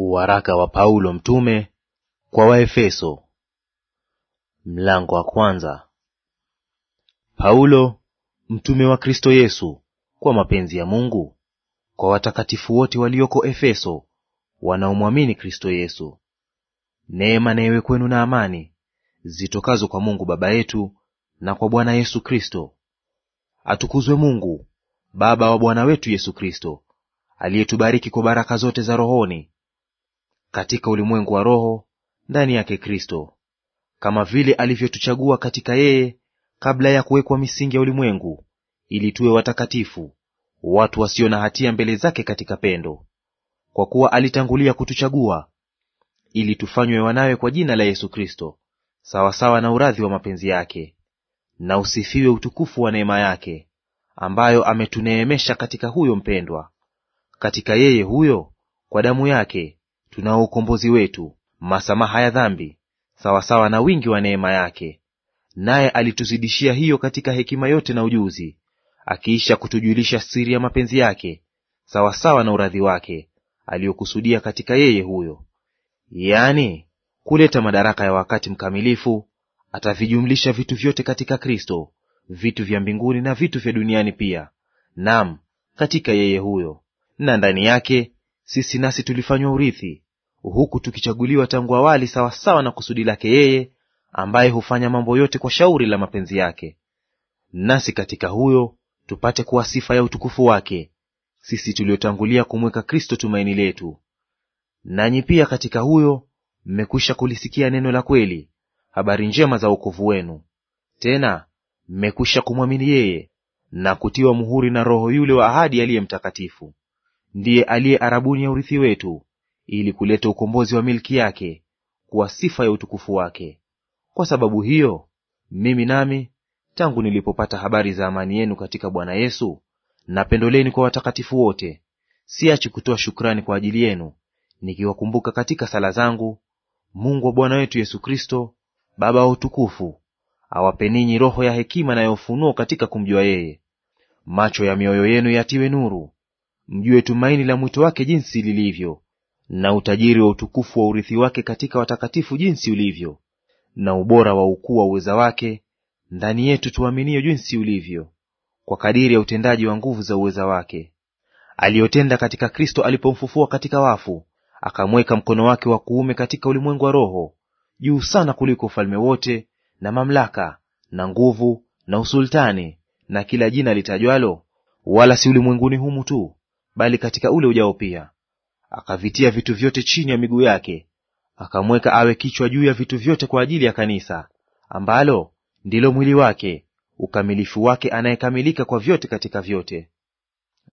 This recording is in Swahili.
Uwaraka wa Paulo mtume kwa Waefeso, mlango wa kwanza. Paulo mtume wa Kristo Yesu kwa mapenzi ya Mungu, kwa watakatifu wote walioko Efeso wanaomwamini Kristo Yesu, neema na iwe kwenu na amani zitokazo kwa Mungu Baba yetu na kwa Bwana Yesu Kristo. Atukuzwe Mungu Baba wa Bwana wetu Yesu Kristo, aliyetubariki kwa baraka zote za rohoni katika ulimwengu wa roho ndani yake Kristo, kama vile alivyotuchagua katika yeye kabla ya kuwekwa misingi ya ulimwengu, ili tuwe watakatifu, watu wasio na hatia mbele zake katika pendo. Kwa kuwa alitangulia kutuchagua ili tufanywe wanawe kwa jina la Yesu Kristo, sawasawa na uradhi wa mapenzi yake. Na usifiwe utukufu wa neema yake ambayo ametuneemesha katika huyo mpendwa, katika yeye huyo, kwa damu yake tunao ukombozi wetu, masamaha ya dhambi, sawasawa na wingi wa neema yake. Naye alituzidishia hiyo katika hekima yote na ujuzi, akiisha kutujulisha siri ya mapenzi yake, sawasawa na uradhi wake aliyokusudia katika yeye huyo, yaani kuleta madaraka ya wakati mkamilifu. Atavijumlisha vitu vyote katika Kristo, vitu vya mbinguni na vitu vya duniani pia, nam katika yeye huyo, na ndani yake sisi nasi tulifanywa urithi, huku tukichaguliwa tangu awali sawasawa na kusudi lake yeye, ambaye hufanya mambo yote kwa shauri la mapenzi yake, nasi katika huyo tupate kuwa sifa ya utukufu wake, sisi tuliotangulia kumweka Kristo tumaini letu. Nanyi pia katika huyo mmekwisha kulisikia neno la kweli, habari njema za wokovu wenu. Tena mmekwisha kumwamini yeye na kutiwa muhuri na Roho yule wa ahadi aliye Mtakatifu, ndiye aliye arabuni ya urithi wetu, ili kuleta ukombozi wa milki yake, kuwa sifa ya utukufu wake. Kwa sababu hiyo, mimi nami tangu nilipopata habari za amani yenu katika Bwana Yesu na pendo lenu kwa watakatifu wote, siachi kutoa shukrani kwa ajili yenu, nikiwakumbuka katika sala zangu, Mungu wa Bwana wetu Yesu Kristo, Baba wa utukufu, awape ninyi roho ya hekima na ya ufunuo katika kumjua yeye, macho ya mioyo yenu yatiwe nuru mjue tumaini la mwito wake jinsi lilivyo, na utajiri wa utukufu wa urithi wake katika watakatifu jinsi ulivyo, na ubora wa ukuu wa uweza wake ndani yetu tuaminio jinsi ulivyo, kwa kadiri ya utendaji wa nguvu za uweza wake, aliyotenda katika Kristo alipomfufua katika wafu, akamweka mkono wake wa kuume katika ulimwengu wa roho, juu sana kuliko ufalme wote na mamlaka na nguvu na usultani na kila jina litajwalo, wala si ulimwenguni humu tu, bali katika ule ujao pia. Akavitia vitu vyote chini ya miguu yake, akamweka awe kichwa juu ya vitu vyote kwa ajili ya kanisa, ambalo ndilo mwili wake, ukamilifu wake, anayekamilika kwa vyote katika vyote.